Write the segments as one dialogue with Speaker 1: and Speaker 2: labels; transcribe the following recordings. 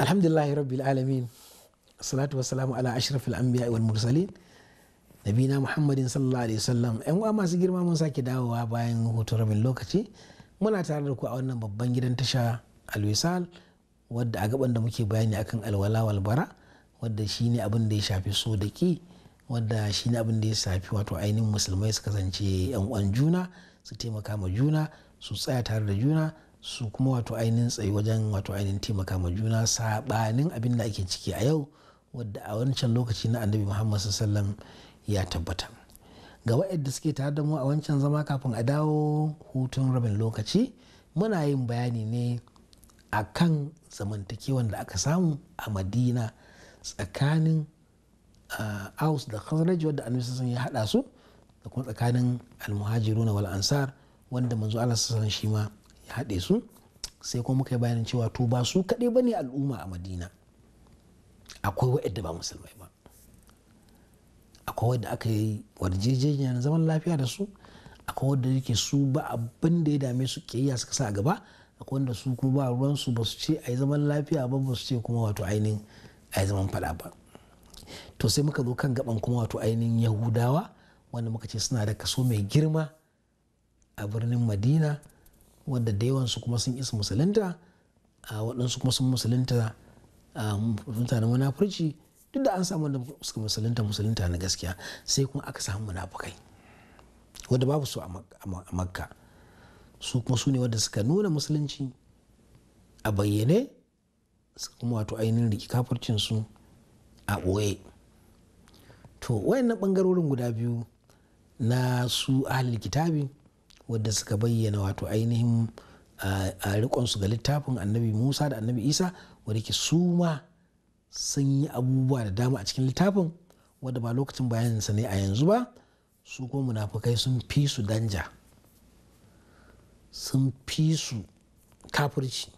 Speaker 1: alhamdulillahi rabbil alamin salatu wasalamu ala ashrafil anbiya wal mursalin nabina muhammadin sallallahu alaihi wasallam yan uwa masu girma mun sake dawowa bayan hoto rabin lokaci muna tare da ku a wannan babban gidan tasha alwisal wadda a gaban da muke bayani akan alwala bara wadda shine abin da ya shafi so da ki wadda shine abin da ya shafi wato ainihin musulmai su kasance yan uwan juna su taimaka ma juna su tsaya tare da juna su kuma wato ainihin tsayi wajen wato ainihin taimaka ma juna saɓanin abin da ake ciki a yau wadda a wancan lokaci na annabi muhammad sallam ya tabbata ga waɗanda suke tare da mu a wancan zama kafin a dawo hutun rabin lokaci muna yin bayani ne a kan zamantakewan da aka samu a madina tsakanin ah, aus da khazraj wadda annabi sallam ya haɗa su da kuma tsakanin almuhajiruna wal ansar wanda manzo Allah wasallam shi ma ya haɗe su sai kuma muka yi bayanin cewa to ba su kaɗai ba ne al'umma a madina akwai wa'yadda ba musulmai ba akwai wadda aka yi warjejeniya na zaman lafiya da su akwai wadda yake su ba abin da ya dame su ke yi suka sa a gaba akwai wanda su kuma ba ruwansu ba su ce a yi zaman lafiya ba ba su ce kuma wato ainihin a yi zaman fada ba to sai muka zo kan gaban kuma wato ainihin yahudawa wanda muka ce suna da kaso mai girma a birnin madina Wadda da yawansu kuma sun isa musulunta a waɗansu kuma sun musulunta a mutanen munafurci duk da an samu da suka musulunta musulunta na gaskiya sai kuma aka samu munafukai Wadda babu su a makka su kuma su ne wadda suka nuna musulunci a bayyane suka kuma wato ainihin riki kafircin su a ɓoye to wayannan ɓangarorin guda biyu na su ahalin kitabi wadda suka bayyana wato ainihin a rikonsu ga littafin annabi musa da annabi isa wadda ke su ma sun yi abubuwa da dama a cikin littafin wadda ba lokacin bayaninsa ne a yanzu ba su ko munafukai sun fi su danja sun fi su kafirci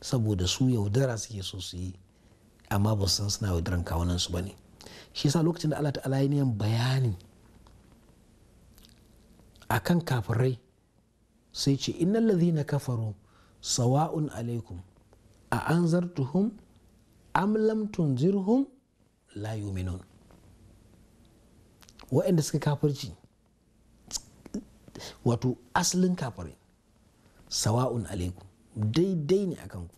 Speaker 1: saboda su yaudara suke so su yi amma ba san suna yaudaran kawunansu ba ne shi yasa lokacin da allah ta'ala ya bayani. akan kafirai sai ce innal na kafaru sawa'un alaikum a anzartuhum am lam tunzirhum la yu'minun wa'anda suka kafirci wato asalin kafirai sawa'un alaikum daidai ne akan ku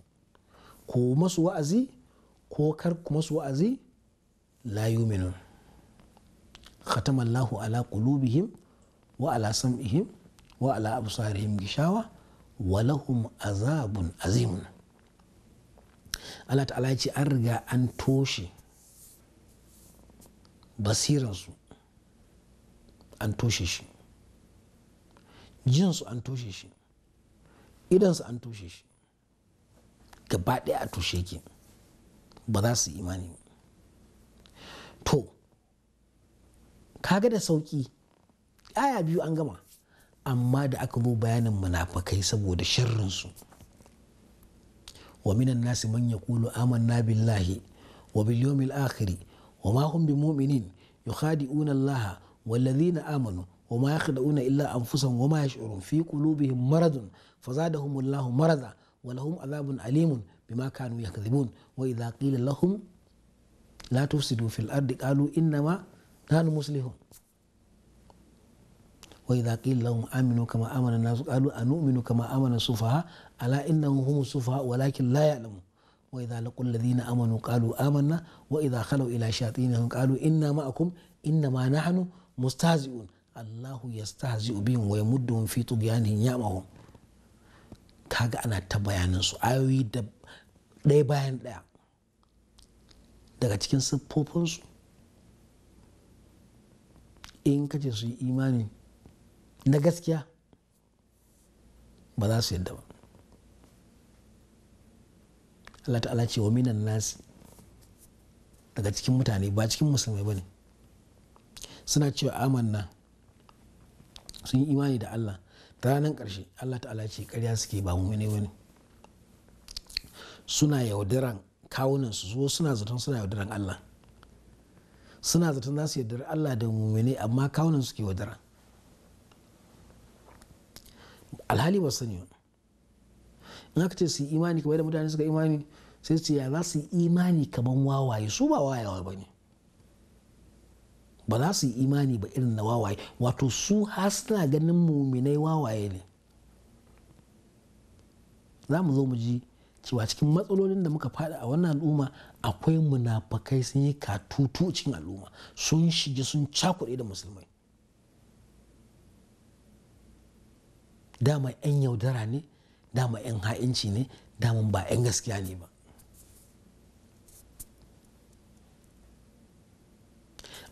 Speaker 1: ko masu wa'azi ko kar ku masu wa'azi la yu'minun khatamallahu ala qulubihim wa ala sam'ihim wa ala absarihim gishawa wa lahum azabun azim Allah ta'ala ce an riga an toshe basirarsu an toshe shi jinsu an toshe shi idansu an toshe shi gaba ɗaya a toshe ke ba za su imani to kaga da sauki aya biyu an gama amma da aka zo bayanin munafakai saboda sharrinsu wa minan nasi man yaqulu amanna billahi wa bil yawmil akhir wa ma hum bimu'minin yukhadi'una Allah wal amanu wa ma والذين آمنوا وما يخدعون إلا أنفسهم وما يشعرون في قلوبهم مرض فزادهم الله مرضا ولهم عذاب أليم بما كانوا يكذبون وإذا قيل لهم لا تفسدوا في الأرض قالوا إنما nahnu muslihun wa idza qila lahum aminu kama amana nasu qalu anu'minu kama amana sufaha ala innahum hum faha walakin mu ya'lamun wa la laqul zina amanu qalu amana wa idza khalu ila shayatinihim kalu inna akum inna ma nahnu mustahzi'un Allahu yastahzi'u bihim wa yamudduhum ya tughyanihim ka ga ana ta bayanin su ayoyi da ɗaya bayan ɗaya daga cikin siffofinsu in kace su yi imani na gaskiya ba za su yadda ba Allah ta'ala ce wa minan nasi daga cikin mutane ba cikin musulmai ba ne suna cewa amanna sun yi imani da Allah ranar ƙarshe Allah ta'ala ce ƙarya suke ba mu ne wani suna yaudaran kawunan su zo suna zaton suna yaudaran Allah suna zaton za su yaudari Allah da mummune amma kawunan suke yaudaran. alhali ba sani ba in aka ce su yi imani kamar da mutane suka imani sai su ya za su yi imani kamar wawaye su ba wayawa ba ne ba za su yi imani ba irin na wawaye wato su har suna ganin muminai wawaye ne za mu zo mu ji cewa cikin matsalolin da muka faɗi a wannan al'umma akwai munafakai sun yi katutu cikin al'umma sun shige sun cakuɗe da musulmai dama 'yan yaudara ne dama 'yan ha'inci ne dama ba 'yan gaskiya ne ba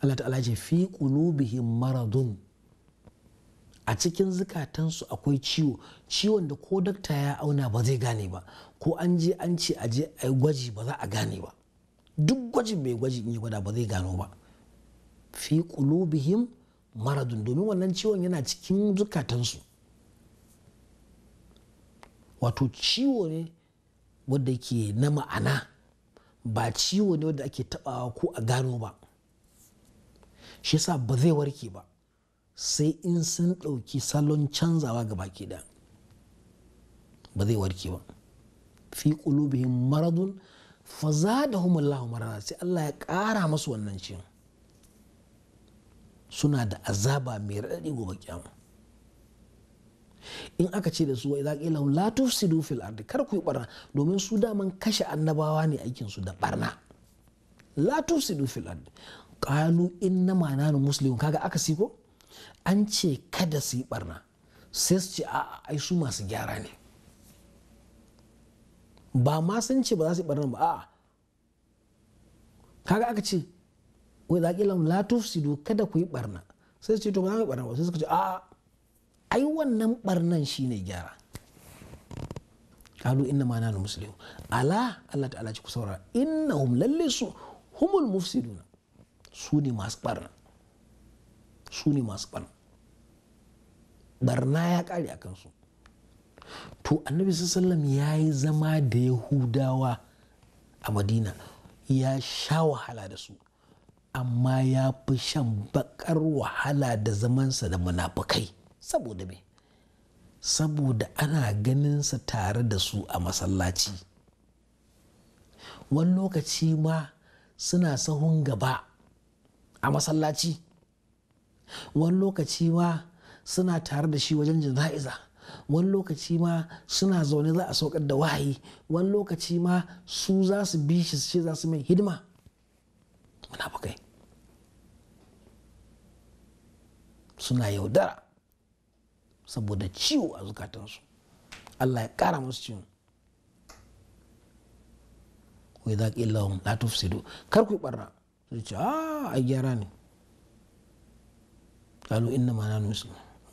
Speaker 1: Allah ta'ala ce fi qulubihim maradun a cikin zukatansu akwai ciwo ciwon da ko dakta ya auna ba zai gane ba ko an je an ce a je a gwaji ba za a gane ba duk gwajin mai gwaji in yi gwada ba zai gano ba fi qulubihim maradun domin wannan ciwon yana cikin zukatansu wato ciwo ne wadda ke na ma'ana ba ciwo ne wadda ake tabawa ko a gano ba shi yasa ba zai warke ba sai in sun ɗauki salon canzawa ga baki da ba zai warke ba fi qulubihim maradun faza da Allahu marada sai Allah ya ƙara masu wannan ciwon suna da azaba mai raɗaɗi gobe kyamu in aka ce da su wa idan qila la tufsidu fil ardi kar ku yi barna domin su daman kashe annabawa ne aikin su da barna la tufsidu fil ardi qalu inna ma nanu muslimun kaga aka siko an ce kada su yi barna sai su ce a ai su masu gyara ne ba ma sun ce ba za su yi barna ba a'a kaga aka ce wai za ƙila la tufsidu kada ku yi barna sai su ce to ba za ku yi barna ba sai suka ce a'a ai wannan barnan ne gyara kalu inna mana na musulmi ala Allah ta'ala ci ku saurara hum lalle su humul na. su ne masu barna su ne masu barna barna ya kare a kansu to annabi sallam ya yi zama da yahudawa a madina ya sha wahala da su amma ya fi shan bakar wahala da zamansa da munafukai saboda me saboda ana ganinsa tare da su a masallaci wani lokaci ma suna sahun gaba a masallaci wani lokaci ma suna tare da shi wajen jana'iza wani lokaci ma suna zaune za a saukar da wahayi wani lokaci ma su za su bi shi su ce za su mai hidima suna yaudara saboda ciwo a zukatansu Allah ya kara musu ciwo wai za ka illa la tufsidu kar ku barna su ce a ah, gyara ne kalu inna ma nanu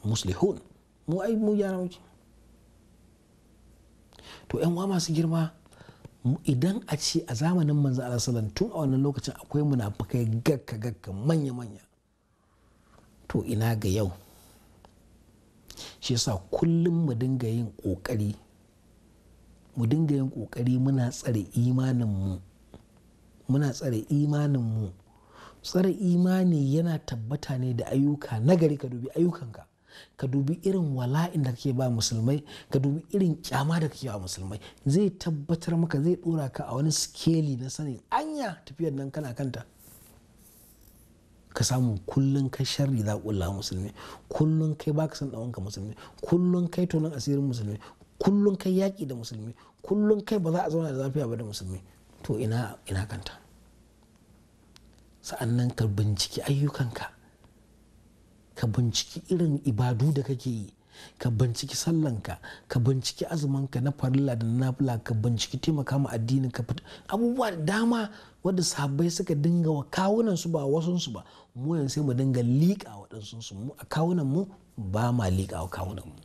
Speaker 1: muslihun mu ai mu gyara muke to yan wa masu girma idan a ce a zamanin manzo Allah tun a wannan lokacin akwai munafukai gakka gakka manya manya to ina ga yau shi yasa kullum mu dinga yin kokari mu dinga yin kokari muna tsare imaninmu muna tsare imaninmu tsare imani yana tabbata ne da ayyuka nagari ka dubi ayyukanka ka dubi irin wala'in da kake ba musulmai ka dubi irin kyama da kake ba musulmai zai tabbatar maka zai dora ka a wani skeli na sani anya tafiyar nan kana kanta ka samu kullun kai sharri za kulla musulmi kullun kai ba baka san ɗan'uwanka musulmi kullun kai tonon asirin musulmi kullun kai yaƙi da musulmi kullun kai ba za a zauna da lafiya ba da musulmi to ina ina kanta nan ka binciki ayyukanka ka binciki irin ibadu da kake yi ka binciki sallanka ka binciki azumanka na farilla da na nafila ka binciki taimaka ma addinin ka fita abubuwa da dama wadda sabbai suka dinga wa kawunan su ba wasun su ba mu yanzu sai mu dinga liƙa wa ɗansun su mu a kawunan mu ba ma liƙa wa kawunan mu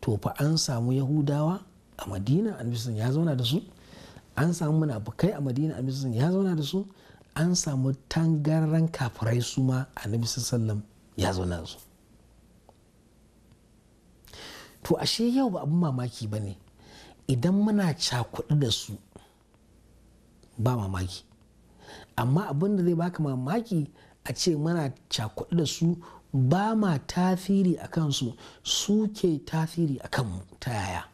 Speaker 1: to fa an samu yahudawa a madina annabi ya zauna da su an samu munafukai a madina annabi ya zauna da su an samu tangaran kafirai su ma annabi sallam ya zauna da su to ashe yau ba abin mamaki ba ne idan muna cakudu da su ba mamaki amma abin da zai baka mamaki a ce muna cakuɗi da su ba ma tasiri a kansu su ke tasiri a kanmu ta yaya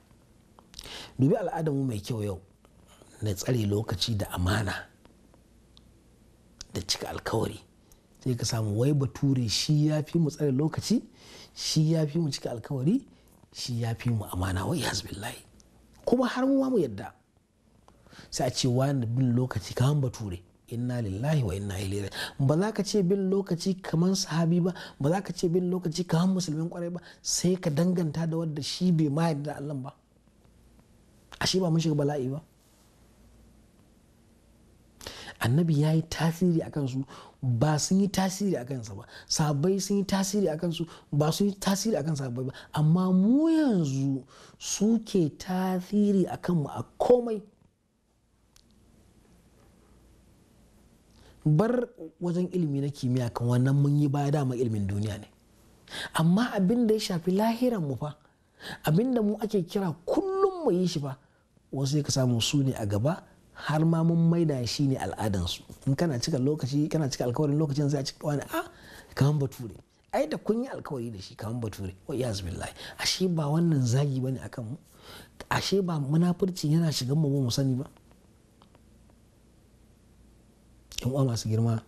Speaker 1: dubi mu mai kyau yau na tsare lokaci da amana da cika alkawari sai ka samu wai bature shi ya fi mu tsare lokaci shi ya fi mu cika alkawari shi ya fi mu amana wai layi kuma har mu mu yadda sai a ce wani bin lokaci kamar bature inna lillahi wa inna ilaihi ba za ka ce bin lokaci kamar sahabi ba ba za ka ce bin lokaci kamar musulmin kwarai ba sai ka danganta da wadda shi bai ma yadda Allah ba a shi ba mun shiga bala'i ba annabi ya yi tasiri a kansu ba sun yi tasiri a kansa ba sabai sun yi tasiri a kansu ba sun yi tasiri a kan sabai ba amma mu yanzu suke tasiri a kanmu a komai bar wajen ilimi na kimiyya kan wannan mun yi baya dama ilimin duniya ne amma abin da ya shafi lahiran mu fa abin da mu ake kira kullum mu yi shi fa wasu ka samu su ne a gaba har ma mun maida shi ne al'adansu in kana cika lokaci kana cika alkawarin lokacin za a cika wani a ah, kamar bature ai da kun yi alkawari da shi kaman bature wa iyaz billahi ashe ba wannan zagi bane akan mu ashe ba munafurci yana shigan mu mu sani ba yan uwa masu girma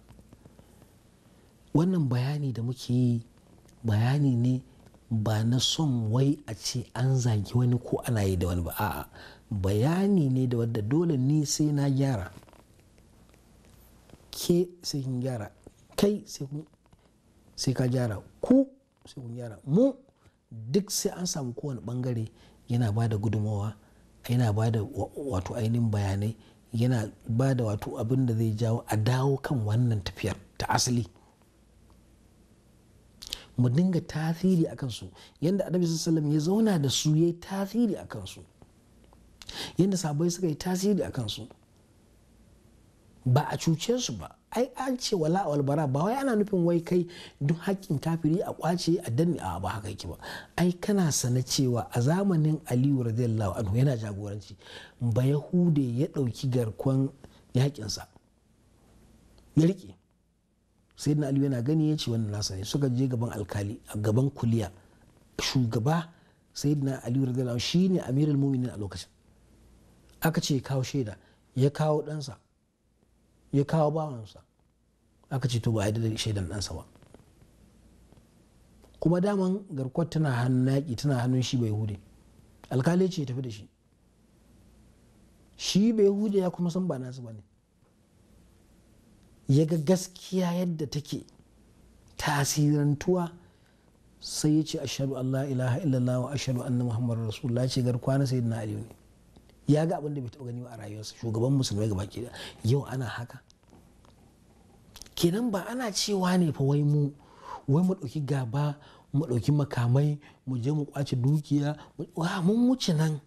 Speaker 1: wannan bayani da muke yi bayani ne ba na son wai a ce an zagi wani ko ana yi da wani ba a'a bayani ne da wadda dole ni sai na gyara ke sai kin gyara kai sai ka gyara ku sai kun gyara mu duk sai an samu kowane bangare yana ba da gudunmawa yana ba da wato ainihin bayanai yana ba da wato abinda zai jawo a dawo kan wannan tafiyar ta asali mu dinga tasiri a kansu yadda annabi sallallahu ya zauna da su ya yi tasiri a kansu yadda sabai suka yi tasiri a kansu ba a cuce su ba ai an ce wala a walbara ba wai ana nufin wai kai duk haƙƙin kafiri a kwace a danne a ba haka yake ba ai kana sana cewa a zamanin aliyu radiyallahu anhu yana jagoranci ba yahude ya ɗauki garkon yaƙinsa ya riƙe sai na aliyu yana gani ya ce wannan nasa ne suka je gaban alkali a gaban kuliya shugaba sai na aliyu radiyallahu shi ne amirul muminin a lokacin aka ce kawo shaida ya kawo ɗansa ya kawo bawansa aka ce to ba da shaidan ɗansa ba kuma daman garkuwar tana hannun yaƙi tana hannun shi bai hude alkali ce ya tafi da shi shi bai hude ya kuma san ba nasu ba ne ya ga gaskiya yadda take tasirantuwa sai ya ce ashadu Allah ilaha illallah wa ashadu anna muhammadu rasulullah ya ce garkwana sai na aliyu ya ga abin da bai taɓa gani a rayuwarsa shugaban musulmai gaba ke yau ana haka kenan ba ana cewa ne fa wai mu wai mu ɗauki gaba mu ɗauki makamai mu je mu kwace dukiya wa mun wuce nan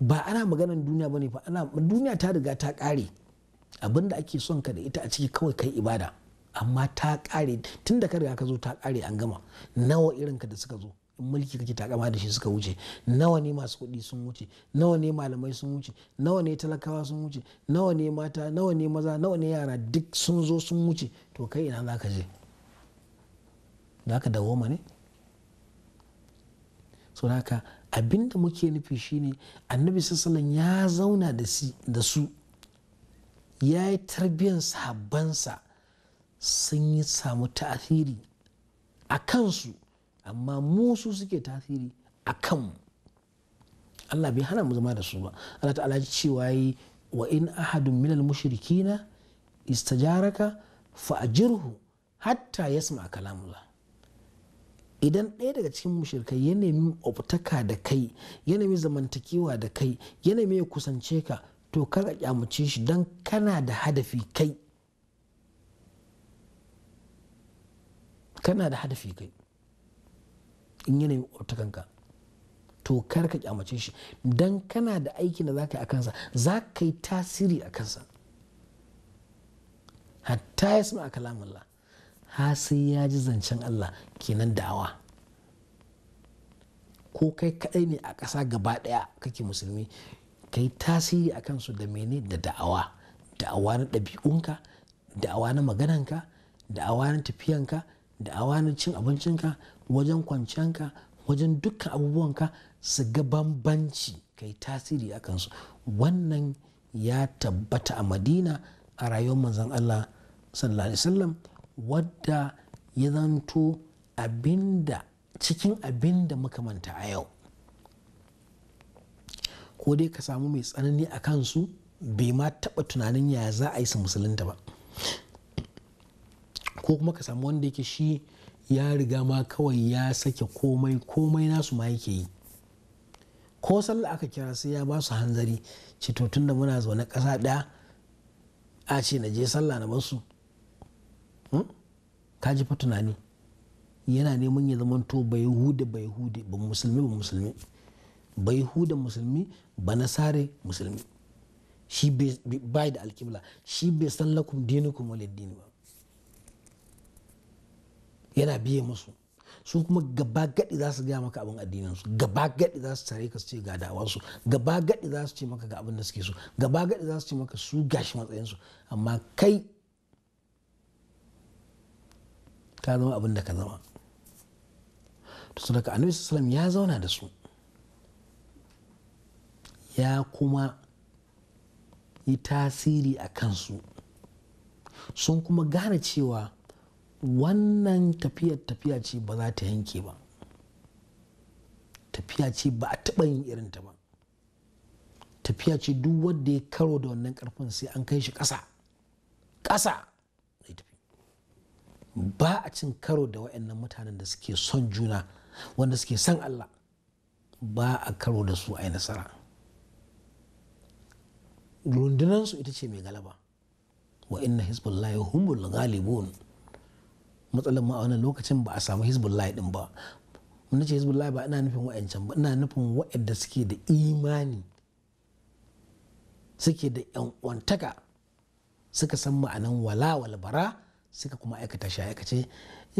Speaker 1: ba ana maganan duniya ba ne fa duniya ta riga ta ƙare abin da ake son ka da ita a ciki kawai kai ibada amma ta kare tun da ka ka zo ta kare an gama nawa irin ka da suka zo mulki kake kama da shi suka wuce nawa ne masu kuɗi sun wuce nawa ne malamai sun wuce nawa ne talakawa sun wuce nawa ne mata nawa ne maza nawa ne yara duk sun zo sun wuce to kai ina za ka je za ka dawo ma ne so haka abinda muke nufi shine annabi sassalan ya zauna da su ya yi tarbiyyar sahabbansa sun yi samu tasiri a kansu amma musu suke tasiri a kanmu Allah bai hana mu zama da su ba Allah ta'ala cewa yi wa in ahadun minal mushrikina istajaraka fa'ajirhu hatta yasma kalamullah idan ɗaya daga cikin mushrikai ya nemi obtaka da kai ya nemi zamantakewa da kai ya nemi ya kusance ka to kar a kyamace shi don kana da hadafi kai kana da hadafi kai in yanayin kanka to kar ka kyamace shi don kana da aiki da za ka yi a kansa za ka yi tasiri a kansa hatta ya sama a kalamullah ha sai ya ji zancen Allah kenan dawa ko kai kadai ne a ƙasa gaba ɗaya kake musulmi ka yi tasiri a kansu da mene da da'awa da'awa na ɗabi'unka da'awa na magananka da'awa na tafiyanka da'awa na cin abincinka wajen kwanciyanka wajen dukkan abubuwanka su ga bambanci ka yi tasiri a kansu wannan ya tabbata a madina a rayuwar manzon allah sallallahu alaihi wasallam wadda ya zanto abinda cikin abinda muka manta a yau ko dai ka samu mai tsanani a kansu bai ma taɓa tunanin ya za a yi su musulunta ba ko kuma ka samu wanda yake shi ya riga ma kawai ya sake komai komai nasu ma yake yi ko sallah aka kira sai ya ba su hanzari ce to da muna zaune kasa ɗaya a ce na je sallah na basu hmm? ka ji fa tunani yana neman ya zama to bai hude bai hude ba musulmi ba musulmi bai huda musulmi ba nasare musulmi shi bai da alkibla shi bai san lakum kuma waliddini ba yana biye musu su kuma gaba gadi za su gaya maka abin addinin su gaba gadi za su tare ka su ce ga dawar su gaba gadi za su ce maka ga abin da suke so gaba gadi za su ce maka su gashi matsayin su amma kai ka zama abin da ka zama to sadaka annabi sallallahu ya zauna da su ya kuma yi tasiri a kansu sun kuma gane cewa wannan tafiyar tafiya ce ba za ta yanke ba tafiya ce ba a taɓa yin irinta ba tafiya ce duk wanda ya karo da wannan karfin sai an kai shi ƙasa ƙasa ba a cin karo da wa'annan mutanen da suke son juna wanda suke son Allah ba a karo da su a yi nasara rundunansu ita ce mai galaba wa inna hizbullah ya humul galibun matsalar ma a wani lokacin ba a samu hezbollah din ba wani ce hezbollah ba ina nufin wa'ancan ba ina nufin wa'anda suke da imani suke da yan uwantaka suka san ma'anan wala wal bara suka kuma aikata shi aikace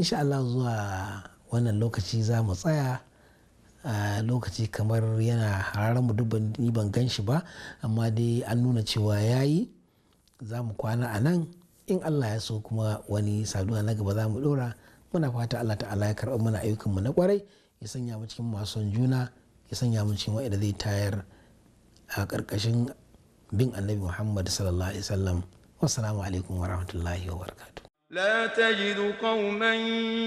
Speaker 1: insha Allah zuwa wannan lokaci za mu tsaya a lokaci kamar yana hararar mu duk ni ban gan shi ba amma dai an nuna cewa ya yi za mu kwana a nan in allah ya so kuma wani saduwa na gaba za mu ɗora muna fata allah ta'ala ya karɓi mana mu na kwarai ya sanya mu cikin masu juna ya sanya mu cikin wa'ida zai tayar a ƙarƙashin bin annabi muhammad sallallahu alaihi wasallam wassalamu alaikum warahmatullahi wabarakatuh لا تجد قوما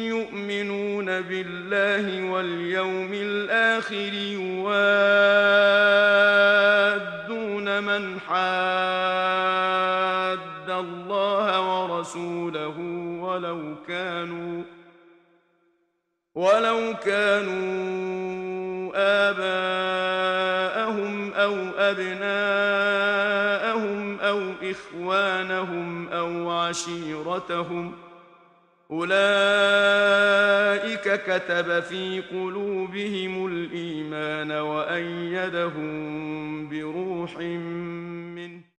Speaker 1: يؤمنون بالله واليوم الآخر يوادون من حاد الله ورسوله ولو كانوا ولو كانوا آباءهم أو أبناءهم أو إخوانهم أو عشيرتهم أولئك كتب في قلوبهم الإيمان وأيدهم بروح